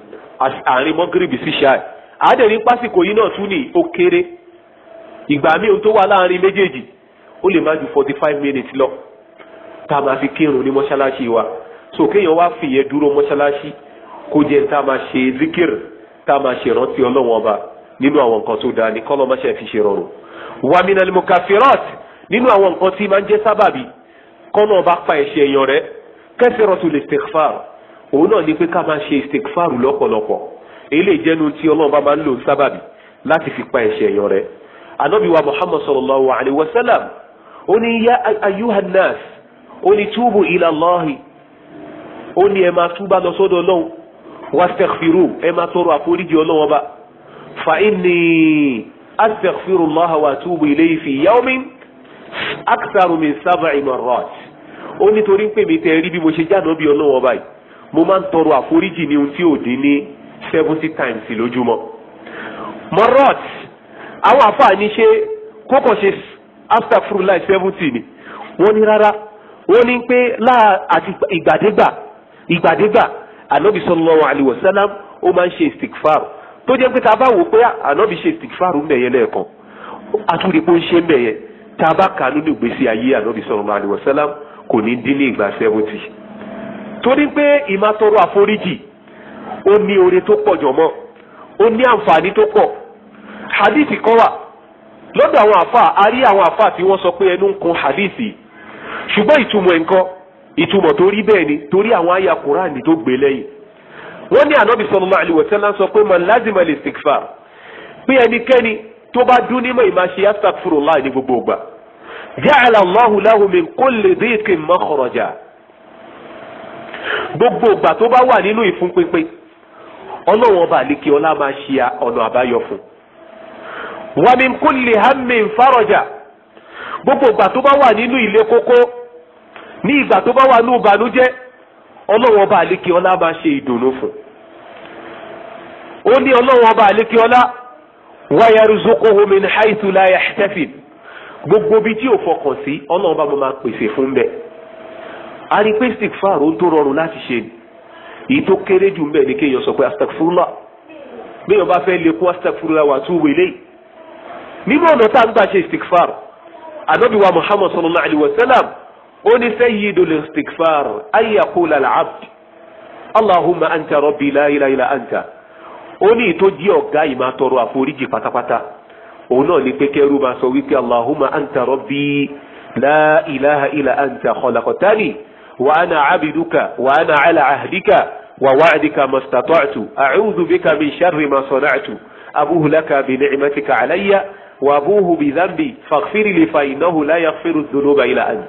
àárín mọ́gírìbì síṣà àádẹ́rìn pásìkò yìí náà tún ní ó kéré ìgbà míì ohun tó wà láàárín méjèèjì ó lè má ju forty five minutes lọ tá a máa fi kírun ní mọ́ṣáláṣí wa so kéèyàn wá fìyẹn dúró mọ́ṣáláṣí kó jẹ́ tá a máa ṣe zikir tá a máa ṣe rántí ọlọ́run ọba nínú àwọn nǹkan tó dáa ní kọ́lọ́ máṣe fi ṣe rọrùn. wà mí nàlẹ́ mukafirat nínú àwọn nǹkan tí máa ń jẹ́ sábàbí kọ́nà ọba pa ẹ̀ṣẹ̀ èèyàn rẹ kẹsìrọ̀tù lè stekfar òun náà ni pé ká máa ṣe stekfar lọ́pọ̀lọpọ̀ èyí lè jẹ́nu tí ọlọ́run bá máa ń lò sábàbí láti fi pa ẹ̀ṣẹ̀ èèyàn rẹ. ànábì wa muhammad sallallahu alayhi wa sallam ó ní yá ayúhannas ó ní túbù ila Allahi ó ní ẹ máa túbà lọ sọ́dọ̀ ọlọ́run wàstẹ̀fìrù ẹ máa tọrọ àforíjì ọlọ́run ọba fa inni astaghfirullah wa atubu ilayhi fi yawmin aktaru min sab'i marrat ó nítorí pé mi tẹ rí bí mo ṣe jáde bí ọlọ́wọ́ báyìí mo máa ń tọrọ àforíjì ní ohun tí ò dín ní seventy times lójúmọ́. marrat àwọn àfààní ṣe kókò ṣe after through life seventy ni wọ́n ní rárá wọ́n ní pé láà àti ìgbàdégbà ìgbàdégbà ànábì sallallahu alaihi wasallam ó máa ń ṣe istikfar tó jẹ́ pé tá a bá wò pé ànábì ṣe istikfar mẹ̀yẹ lẹ́ẹ̀kan àtúndìpọ̀ ń ṣe mẹ̀yẹ tá a bá kà nínú ìgbésí ayé ànábì sallallahu alaihi wasallam kò ní dín ní ìgbà seventy torí pé ìmátọrọ àforíjì ó ní oore tó pọ̀ jọ̀mọ́ ó ní àǹfààní tó pọ̀ hadith kan wà lọ́dọ̀ àwọn àfà a rí àwọn àfà tí wọ́n sọ pé ẹnu ń kun hadithi ṣùgbọ́n ìtumọ̀ ẹ̀ńkọ́ ìtumọ̀ tó rí bẹ́ẹ̀ ni torí àwọn àyà Kùránì tó gbé lẹ́yìn wọ́n ní ànábì sallallahu alaihi wasallam sọ pé man lazima lè istighfar pé ẹnikẹ́ni tó bá dún nímọ̀ ìmáṣe astaghfirullah ní gbogbo ìgbà ja'ala Allahu lahu min kulli dhiqin makhraja gbogbo ìgbà tó bá wà nínú ìfúnpínpín ọlọ́wọ́n bá lè ọlá máa ṣe ọ̀nà àbáyọ fún un wa min kulli hammin faraja gbogbo ìgbà tó bá wà nínú ilé kókó ní ìgbà tó bá wà nínú ìbànújẹ́ ọlọ́wọ́n àlékè ọlá máa ṣe ìdùnnú fún ó ní ọlọ́wọ́n ọba àlékè ọlá gbogbo bi tí ò fọkàn sí ọlọ́run bá mo máa pèsè fún bẹ́ẹ̀ a rí pé stigfar ó tó rọrùn láti ṣe èyí tó kéré jù ń bẹ̀ kéèyàn nínú ọ̀nà tá a ń gbà ṣe istikfar anabi wa muhammad sallallahu alayhi wa sallam ó ní sayyidul istikfar ay yaqula al-abd allahumma anta rabbi la ilaha illa anta ó ní ìtọ́jú ọ̀gá ìmá tọrọ àforíjì pátápátá òun náà ní pé kẹrù máa sọ wípé allahumma anta rabbi la ilaha illa anta khalaqtani wa ana abiduka wa ana ala ahdika wa wa'dika mastata'tu a'udhu bika min sharri ma sana'tu abuhu laka bi ni'matika wàbúhù bí zambi fàkfírì lè fa ìnáhù láyà fẹ́rù dùnú bá ilà àǹtí.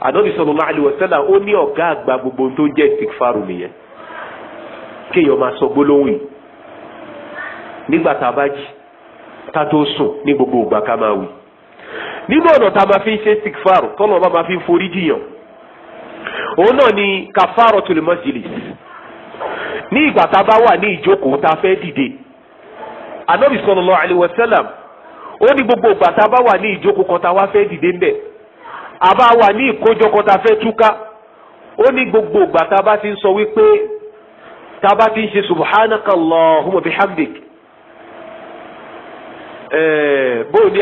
ànábì sallallahu alaihi wasallam ó ní ọ̀gá àgbà gbogbo tó jẹ́ ìtìkfàrù nìyẹn. kéèyàn máa sọ gbólóhùn yìí nígbà tá a bá jí ká tó sùn ní gbogbo ìgbà ká máa wí. nínú ọ̀nà tá a máa fi ń ṣe ìtìkfàrù tọ́lọ̀ bá máa fi ń forí jiyàn. òun náà ni kafaratul majlis ní ìgbà tá a bá wà ní ìjókòó tá a fẹ́ dìde ànábì sallallahu alaihi wasallam ó ní gbogbo ìgbà tá a bá wà ní ìjókòó kan tá a wá fẹ́ dìde ńbẹ̀ a bá wà ní ìkójọ kan tá a fẹ́ túká ó ní gbogbo ìgbà tá a bá ti ń sọ wípé tá a bá ti ń ṣe subhanaka allahumma bihamdik bóun ni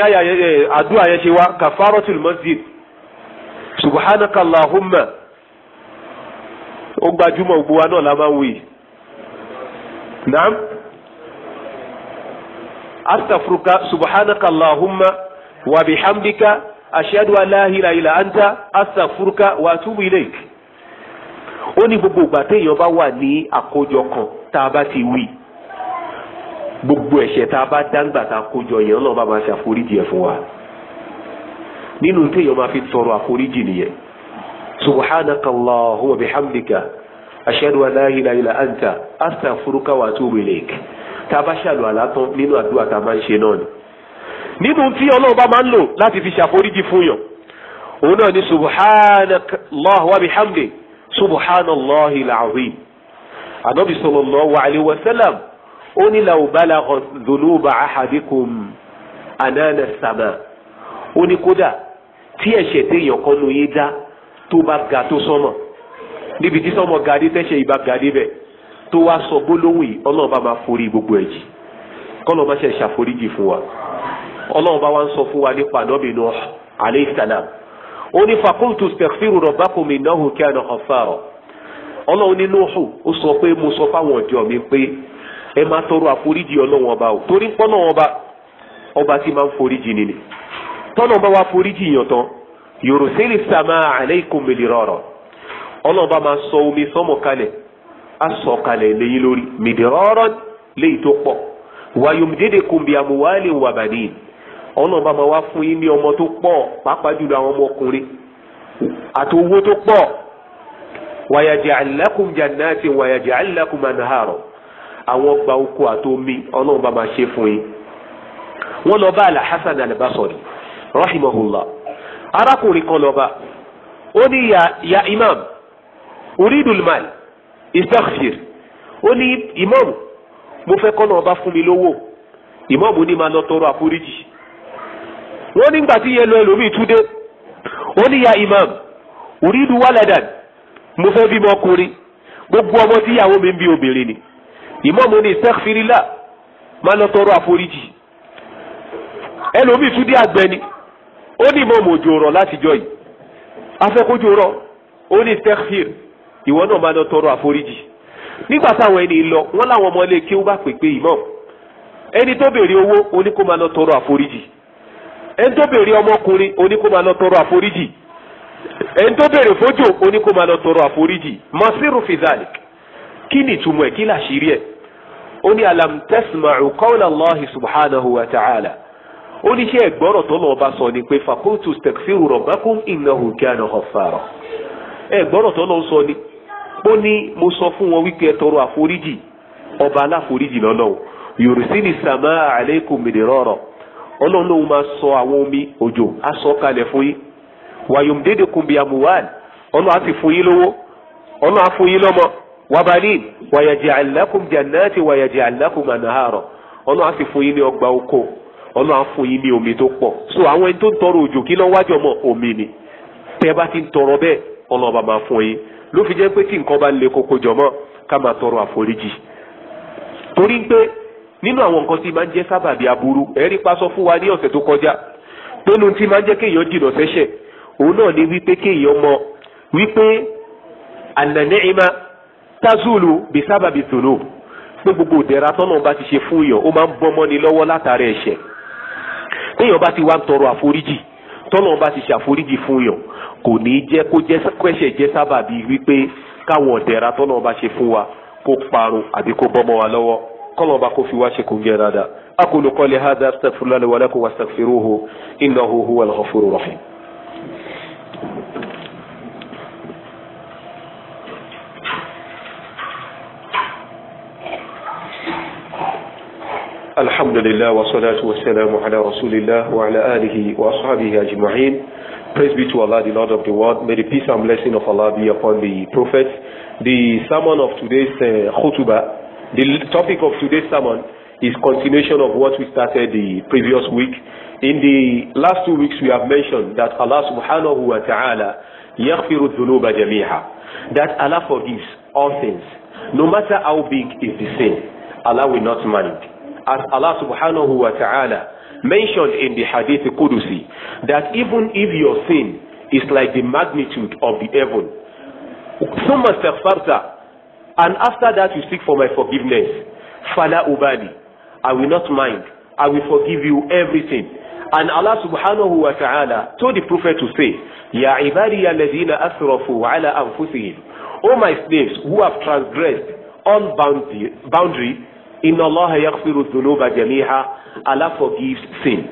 àdúrà yẹn ṣe wá kafaratul masjid subhanaka allahumma ó gbajúmọ̀ gbogbo wa náà la máa ń wí astaghfiruka subhanaka allahumma wa bihamdika ashhadu an la ilaha illa anta astaghfiruka wa atubu ilayk ó ní gbogbo ìgbà téèyàn bá wà ní àkójọ kan tá a bá ti wí gbogbo ẹ̀ṣẹ̀ tá a bá dáńgbà tá a kójọ yẹn ọlọ́run bá máa ṣe àforíjì ẹ̀ fún wa nínú téèyàn máa fi tọrọ àforíjì nìyẹn subhanaka allahumma bihamdika ashhadu an la ilaha illa anta astaghfiruka wa atubu ilayk tá a bá ṣàlùwàlá tán nínú àdúrà tá a máa ń ṣe náà ni nínú tí ọlọ́run máa ń lò láti fi ṣàforíjì fún yàn òun náà ni subhanallah wa bihamdi subhanallah al-azim anabi sallallahu alayhi wa sallam la ní law balaghat dhunuba ahadikum anana as-sama ó ní kódà tí ẹ̀ṣẹ̀ téèyàn kan lóye dá tó bá ga tó sọ́mọ̀ níbi tí sọ́mọ̀ ga dé tẹ́ṣẹ̀ ìbá ga dé bẹ́ẹ̀ tó wá sọ gbólóhùn yìí ọlọ́run bá máa gbogbo ẹ̀ jì kọ́lọ́ ṣe ṣàforíjì fún wa ọlọ́run bá wá ń wa nípa salam ó ní fakultu staghfiru rabbakum innahu kana ghaffara ọlọ́run ó sọ pé mo sọ fáwọn ọ̀jọ́ mi pé ẹ máa tọrọ àforíjì ọlọ́run ọba o torí pọ́nà ọba ọba tí máa ń foríjì tọ́nà sọ omi sọ́mọ̀ kalẹ̀ asọ̀kalẹ̀ lẹ́yìn lórí mìdírọ́rọ́ léyìí tó pọ̀ wàyọ̀mùdédè kùnbi àmúwálé wàbàdì ọ̀nà bá máa wá fún yín ní ọmọ tó pọ̀ pàápàá jùlọ àwọn ọmọkùnrin àti owó tó pọ̀ wàyàjẹ́ alákùn jannati wàyàjẹ́ alákùn manaharo àwọn gba oko àti omi ọ̀nà bá máa fún yín wọ́n lọ bá alhassan albasori rahimahullah arákùnrin kan lọ bá ó ní ya imam uridul istaghfir ó ní ìmáàmù mo fẹ́ kọ́nà ọba fún mi lówó ìmáàmù ní máa lọ tọrọ àforíjì wọ́n nígbà tí yẹn lọ ẹlòmíì túndé ó ní ya ìmáàmù uridu waladan mo fẹ́ bímọ ọkùnrin gbogbo ọmọ tíyàwó mi ń bí obìnrin ni ìmáàmù ní istaghfirillah máa lọ tọrọ àforíjì ẹlòmíì túndé àgbẹni ó ní ìmáàmù òjò rọ̀ látijọ́ yìí afẹ́kójò rọ̀ ó ní istaghfir ìwọ náà máa lọ tọrọ àforíjì nígbà táwọn ẹni lọ wọn láwọn ọmọ ilé kíw bá pè pé imam ẹni tó béèrè owó oní kó máa lọ tọrọ àforíjì ẹni tó béèrè ọmọkùnrin oní kó máa lọ tọrọ àforíjì ẹni tó béèrè fójò oní kó máa lọ tọrọ àforíjì masiru fizalik kí ni ìtumọ̀ ẹ̀ kí làṣírí ẹ̀ ó ní alam tasma'u qawla subhanahu wa ta'ala ó ní iṣẹ́ ẹ̀gbọ́rọ̀ tó lọ́ọ́ bá sọ ni pé fakultu stekfiru rabbakum innahu kana ghaffara ẹ̀gbọ́rọ̀ tó lọ́ọ́ sọ ni ó ní mo sọ fún wọn wípé ẹ tọrọ àforíjì ọba aláforíjì lọ́nà yorùsílì sàmà àlékún mìdírọ̀rọ̀ ọlọ́run lòun máa sọ àwọn omi òjò á sọ kalẹ̀ fún yín wàyọ̀mùdédè kùnbi àmúwàd ọlọ́run á ti fún yín lówó ọlọ́run á fún yín lọ́mọ wàyàjì àlákùn wàyàjì àlákùn ọlọ́run á fún yín ní omi tó pọ̀ so àwọn ẹni tó ń tọrọ òjò kí lọ́wọ́ ti ń tọrọ bẹ́ẹ̀ ọlọ́run bá máa ló fi jẹ́ pé tí nǹkan bá le koko jọmọ́ ká máa tọrọ àforíjì torí pé nínú àwọn nǹkan tí máa ń jẹ́ sábàbí aburú ẹ̀rí pa sọ fún wa ní ọ̀sẹ̀ tó kọjá pẹ́nu tí máa ń jẹ́ kéèyàn jìnà sẹ́ṣẹ̀ òun náà ni wípé kéèyàn mọ wípé ànànẹ́ìmá tazulu bí sábàbí tòló pé gbogbo ìdẹ̀ra tọ́nà bá ti ṣe fún yàn ó máa ń bọ́ mọ́ni lọ́wọ́ látara ẹ̀ṣẹ̀ téèyàn bá ti wá ń tọrọ àforíjì tọ́nà bá ti ṣe àforíjì fún yàn kò ní jẹ́ kó jẹ́ kẹ́sẹ̀ jẹ́ sábàbí wípé káwọn ọ̀dẹ̀ra tọ́lọ́ bá ṣe fún wa kó parun àbí kó bọ́mọ wa lọ́wọ́ kọ́lọ́ bá kó fi wá ṣe kò ń jẹ́ dáadáa. أقول قولي هذا استغفر الله لي ولكم واستغفروه إنه هو الغفور الرحيم الحمد لله والصلاة والسلام على رسول الله وعلى آله وأصحابه أجمعين Praise be to Allah, the Lord of the world. May the peace and blessing of Allah be upon the Prophet. The sermon of today's uh, khutbah, the topic of today's sermon is continuation of what we started the previous week. In the last two weeks, we have mentioned that Allah subhanahu wa ta'ala yaghfiru dhunuba That Allah forgives all things. No matter how big is the sin, Allah will not mind. As Allah subhanahu wa ta'ala mentioned in the Hadith Kudusi that even if your sin is like the magnitude of the heaven, summa istaghfarta, and after that you seek for my forgiveness, fala ubali, I will not mind, I will forgive you everything. And Allah subhanahu wa ta'ala told the Prophet to say, Ya ibadiya alladhina asrafu ala anfusihim, O my slaves who have transgressed all boundary, boundary Inna Allaha yaghfiru dhunuba jamiha. Allah forgives sin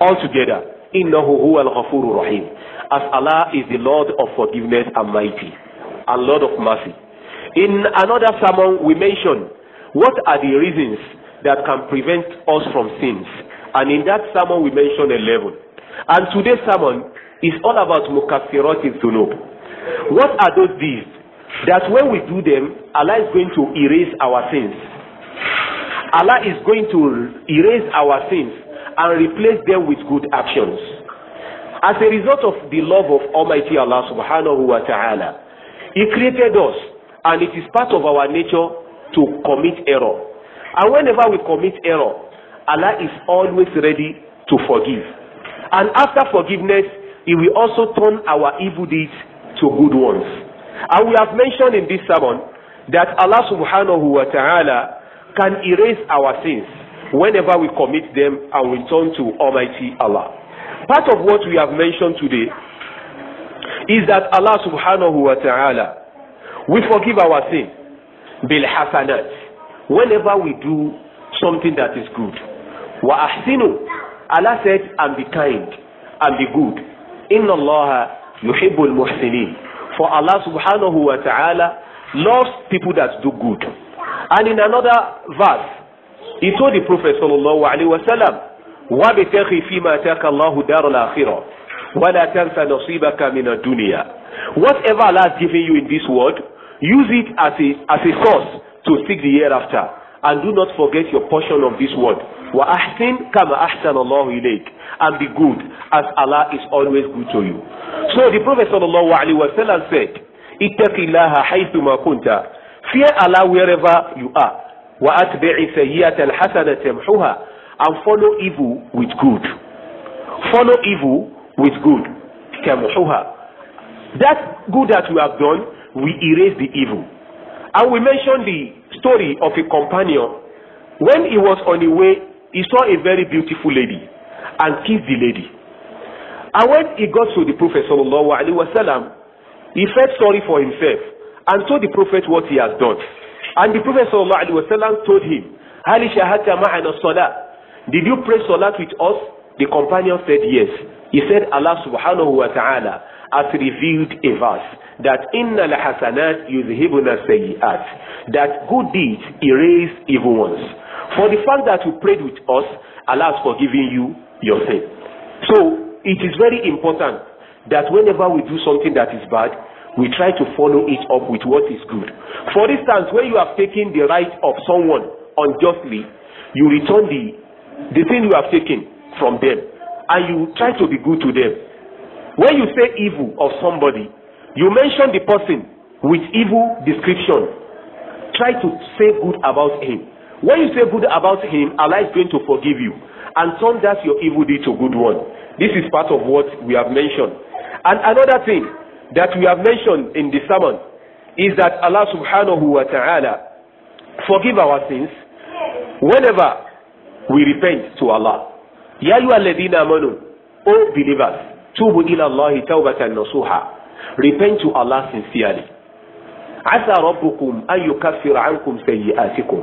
altogether. Innahu huwa al-ghafuru rahim. As Allah is the Lord of forgiveness and mighty and Lord of mercy. In another sermon, we mentioned what are the reasons that can prevent us from sins. And in that sermon, we mentioned eleven. And today's sermon is all about mukaffirati dhunub. What are those deeds that when we do them, Allah is going to erase our sins? Allah is going to erase our sins and replace them with good actions. As a result of the love of Almighty Allah subhanahu wa ta'ala, He created us and it is part of our nature to commit error. And whenever we commit error, Allah is always ready to forgive. And after forgiveness, He will also turn our evil deeds to good ones. And we have mentioned in this sermon that Allah subhanahu wa ta'ala can erase our sins whenever we commit them and return to Almighty Allah. Part of what we have mentioned today is that Allah subhanahu wa ta'ala we forgive our sin bil hasanat whenever we do something that is good. Wa ahsinu Allah said and be kind and be good. Inna Allah yuhibbul muhsinin. For Allah subhanahu wa ta'ala loves people that do good. And in another verse, he told the Prophet sallallahu alaihi wasallam, وَبِتَغِ فِي مَا أَتَاكَ اللَّهُ دَارَ الْآخِرَةِ وَلَا تَنْسَ نَصِيبَكَ مِنَ الدُّنْيَا Whatever Allah has given you in this world, use it as a, as a source to seek the hereafter. And do not forget your portion of this world. وَأَحْسِنْ كَمَا أَحْسَنَ اللَّهُ إِلَيْكَ And be good as Allah is always good to you. So the Prophet sallallahu alaihi wasallam said, اتق الله حيثما كنت Fear Allah wherever you are. Wa atbi'i sayyi'ata al-hasana tamhuha and follow evil with good. Follow evil with good. Tamhuha. That good that we have done, we erase the evil. And we mentioned the story of a companion. When he was on the way, he saw a very beautiful lady and kissed the lady. And when he got to the Prophet sallallahu alaihi wasallam, he felt sorry for himself and told the prophet what he has done. And the prophet sallallahu alaihi wasallam told him, Hali shahata ma'ana salah. Did you pray salat with us? The companion said yes. He said Allah subhanahu wa ta'ala has revealed a verse that inna la hasanat yuzhibuna sayyi'at that good deeds erase evil ones. For the fact that you prayed with us, Allah has forgiven you your sin. So it is very important that whenever we do something that is bad, we try to follow it up with what is good. For instance, when you have taken the right of someone unjustly, you return the the thing you have taken from them, and you try to be good to them. When you say evil of somebody, you mention the person with evil description. Try to say good about him. When you say good about him, Allah is going to forgive you and turn that your evil deed to good one. This is part of what we have mentioned. And another thing that we have mentioned in the sermon is that Allah subhanahu wa ta'ala forgive our sins whenever we repent to Allah. Ya ayyuha alladhina amanu, O believers, tubu ila Allahi tawbatan nasuha. Repent to Allah sincerely. Asa rabbukum an yukaffira ankum sayyi'atikum.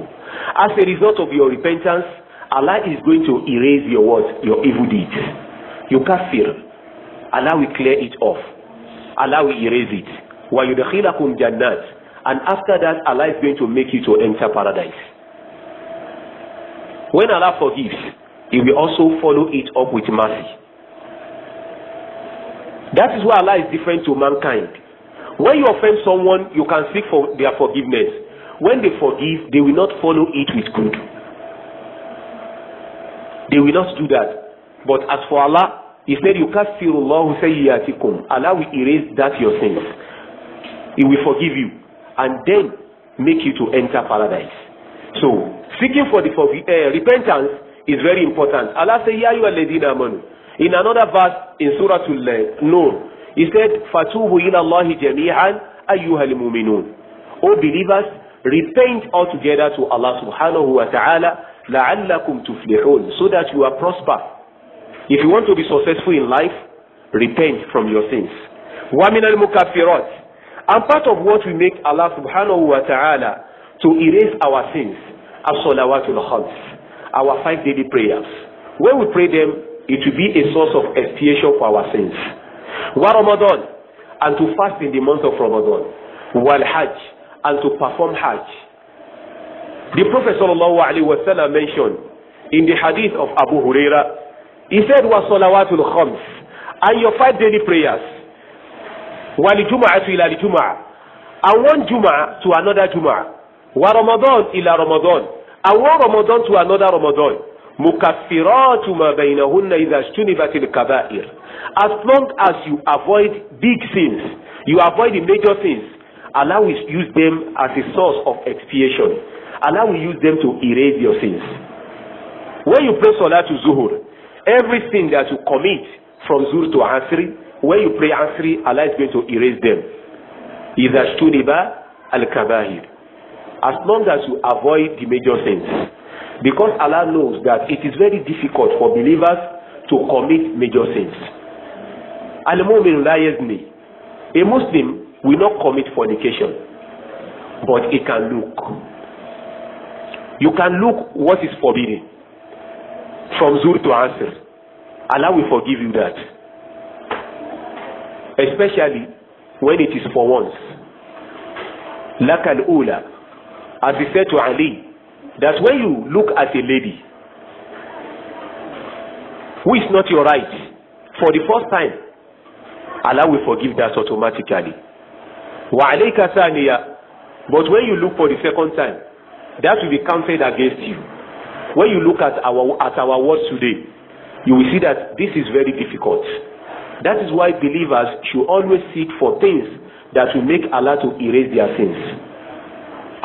As a result of your repentance, Allah is going to erase your what? Your evil deeds. Yukaffir. Allah will clear it off. Allah will erase it. While you وَيُدْخِلَكُمْ jannat. And after that, Allah is going to make you to enter paradise. When Allah forgives, He will also follow it up with mercy. That is why Allah is different to mankind. When you offend someone, you can seek for their forgiveness. When they forgive, they will not follow it with good. They will not do that. But as for Allah, He said, "You can't sayyiatikum. Allah Allah will erase that your sins. He will forgive you and then make you to enter paradise. So, seeking for the forgive, uh, repentance is very important. Allah said, Ya ayyuha alladhina amanu. In another verse in Surah Al-Nur, He said, Fatubu ila Allahi jami'an ayyuha al-mu'minun. O believers, repent altogether to Allah subhanahu wa ta'ala la'allakum tuflihun so that you are prosperous. If you want to be successful in life, repent from your sins. Waminal mukafirat. And part of what we make Allah subhanahu wa ta'ala to erase our sins, as-salawatul khams, our five daily prayers. When we pray them, it will be a source of expiation for our sins. Wa Ramadan, and to fast in the month of Ramadan. Wal Hajj, and to perform Hajj. The Prophet sallallahu alaihi wasallam mentioned in the hadith of Abu Huraira He said, wa salawatul khams, and your five daily prayers, wali juma'atu ila li juma'a, and one juma'a to another juma'a, wa ramadan ila ramadan, and one ramadan to another ramadan, mukaffiratu ma bainahunna idha ijtunibatil kaba'ir. As long as you avoid big sins, you avoid the major sins, Allah will use them as a source of expiation. Allah we use them to erase your sins. When you pray Salatul Zuhur, everything that you commit from Zuhr to Asri, when you pray Asri, Allah is going to erase them. إِذَا اجْتُنِبَ الْكَبَائِرُ As long as you avoid the major sins. Because Allah knows that it is very difficult for believers to commit major sins. Al-Mu'min A Muslim will not commit fornication, but he can look. You can look what is forbidden from Zuhr to Asr. Allah will forgive you that. Especially when it is for once. Lakal Ola, as he said to Ali, that when you look at a lady who is not your right for the first time, Allah will forgive that automatically. Wa alayka thaniya, but when you look for the second time, that will be counted against you when you look at our at our world today you will see that this is very difficult that is why believers should always seek for things that will make Allah to erase their sins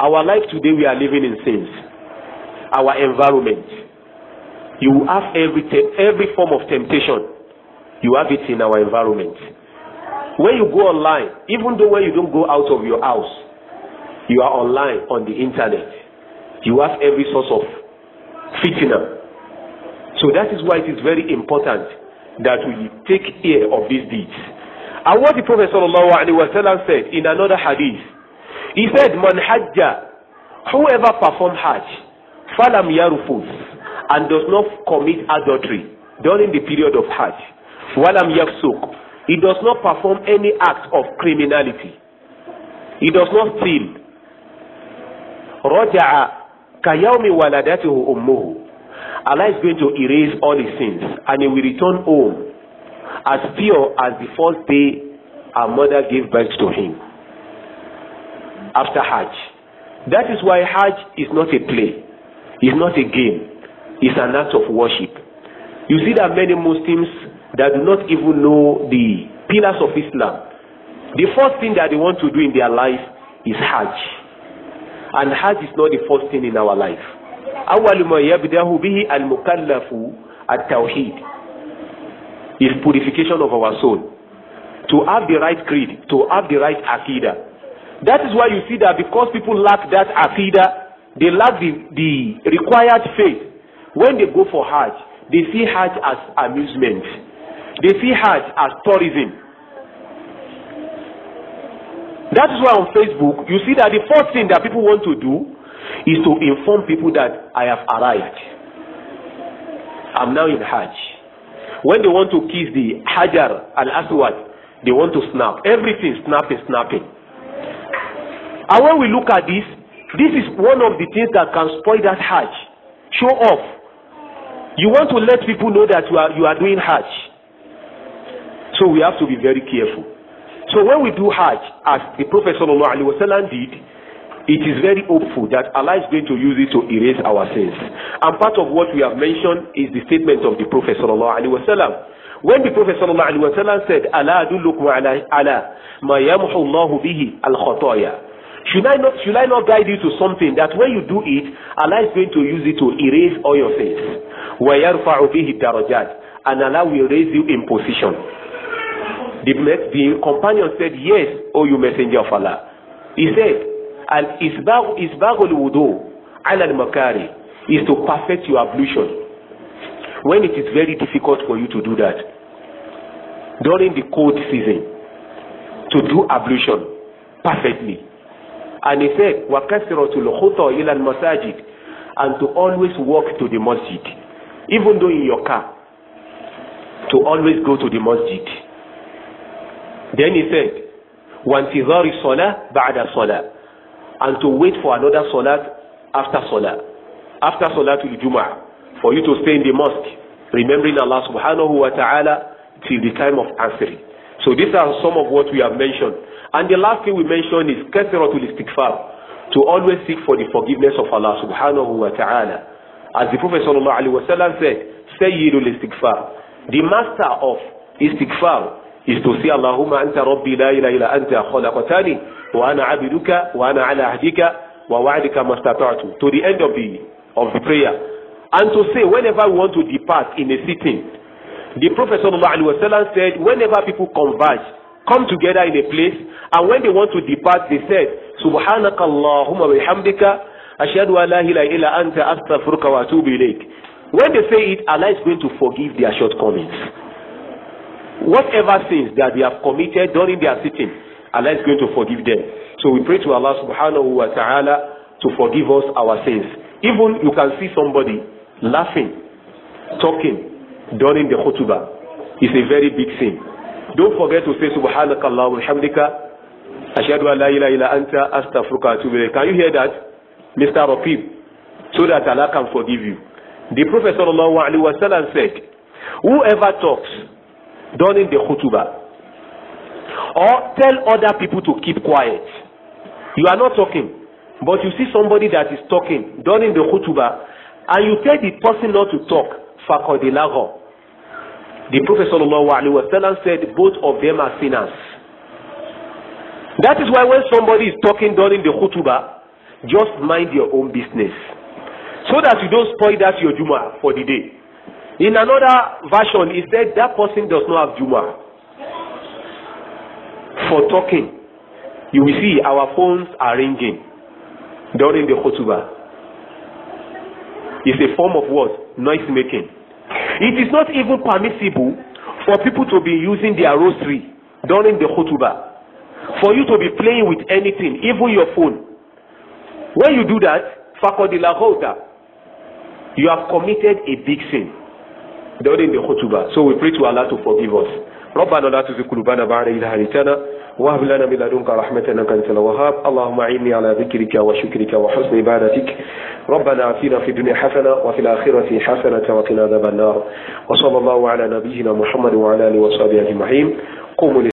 our life today we are living in sins our environment you have every every form of temptation you have it in our environment when you go online even though when you don't go out of your house you are online on the internet you have every source of fitna. So that is why it is very important that we take care of these deeds. And what the Prophet sallallahu alaihi wasallam said in another hadith, he said, "Man hajja, whoever perform hajj, falam yarufus, and does not commit adultery during the period of hajj, falam yafsuk, he does not perform any act of criminality, he does not steal, raja'a, Kayaomi waladatuhu ummuhu. Allah is going to erase all his sins and he will return home as pure as the first day her mother gave birth to him after Hajj. That is why Hajj is not a play, is not a game, is an act of worship. You see that many Muslims that do not even know the pillars of Islam, the first thing that they want to do in their life is Hajj and Hajj is not the first thing in our life awwalu ma yabdahu bihi al-mukallafu at-tawhid is purification of our soul to have the right creed to have the right aqidah that is why you see that because people lack that aqidah they lack the the required faith when they go for Hajj they see Hajj as amusement they see Hajj as tourism That is why on Facebook, you see that the first thing that people want to do is to inform people that I have arrived. I'm now in Hajj. When they want to kiss the Hajar al-Aswad, they want to snap. Everything snapping, snapping. And when we look at this, this is one of the things that can spoil that Hajj. Show off. You want to let people know that you are, you are doing Hajj. So we have to be very careful. So when we do Hajj, as the Prophet sallallahu wasallam did, it is very hopeful that Allah is going to use it to erase our sins. And part of what we have mentioned is the statement of the Prophet sallallahu wasallam. When the Prophet sallallahu alaihi wasallam said, "Ala adullukum ala ala ma yamhu Allahu bihi al khotaya." Should I not should I not guide you to something that when you do it, Allah is going to use it to erase all your sins. Wa yarfa'u bihi darajat, and Allah will raise you in position. The, the companion said, Yes, O you messenger of Allah. He said, Al Isbagul Wudu al Makari is to perfect your ablution. When it is very difficult for you to do that, during the cold season, to do ablution perfectly. And he said, Wakasiratul Khuto ilal Masajid, and to always walk to the masjid, even though in your car, to always go to the masjid. Then he said, وَانْتِظَارِ صَلَاةٍ بَعْدَ صَلَاةٍ And to wait for another salat after salah. After salatul Jum'ah, for you to stay in the mosque, remembering Allah subhanahu wa ta'ala till the time of answering. So these are some of what we have mentioned. And the last thing we mentioned is kathratul istighfar, to always seek for the forgiveness of Allah subhanahu wa ta'ala. As the Prophet sallallahu alaihi wasallam said, sayyidul istighfar, the master of istighfar استوصي اللهم أنت ربي لا إله إلا أنت khalaqtani wa ana abiduka wa ana ala ahdika wa to the end of the of the prayer and to say whenever we want to depart in a sitting the prophet صلى الله عليه وسلم said whenever people converge come together in a place and when they want to depart they said سبحانك اللهم وبحمدك أشهد أن لا إله إلا أنت أستغفرك wa إليك. when they say it allah is going to forgive their shortcomings whatever sins that they have committed during their sitting, Allah is going to forgive them. So we pray to Allah subhanahu wa ta'ala to forgive us our sins. Even you can see somebody laughing, talking during the khutbah. is a very big sin. Don't forget to say subhanakallah walhamdika ashhadu an la ilaha illa anta astaghfiruka wa atubu Can you hear that? Mr. Raqib so that Allah can forgive you. The Prophet sallallahu alaihi wasallam said, whoever talks during the khutbah or tell other people to keep quiet you are not talking but you see somebody that is talking during the khutbah and you tell the person not to talk fakodilago the prophet sallallahu alaihi wasallam said both of them are sinners that is why when somebody is talking during the khutbah just mind your own business so that you don't spoil that your juma for the day In another version, he said that person does not have Juma for talking. You will see our phones are ringing during the khutbah. It's a form of what? Noise making. It is not even permissible for people to be using their rosary during the khutbah. For you to be playing with anything, even your phone. When you do that, fakodilaghouta, you have committed a big sin during the khutbah. So we pray to Allah to forgive us. ربنا لا تزغ قلوبنا بعد إذ هديتنا وهب لنا من لدنك رحمة إنك أنت الوهاب اللهم أعني على ذكرك وشكرك وحسن عبادتك ربنا آتنا في الدنيا حسنة وفي الآخرة حسنة وقنا عذاب النار وصلى الله على نبينا محمد وعلى آله وصحبه أجمعين قوموا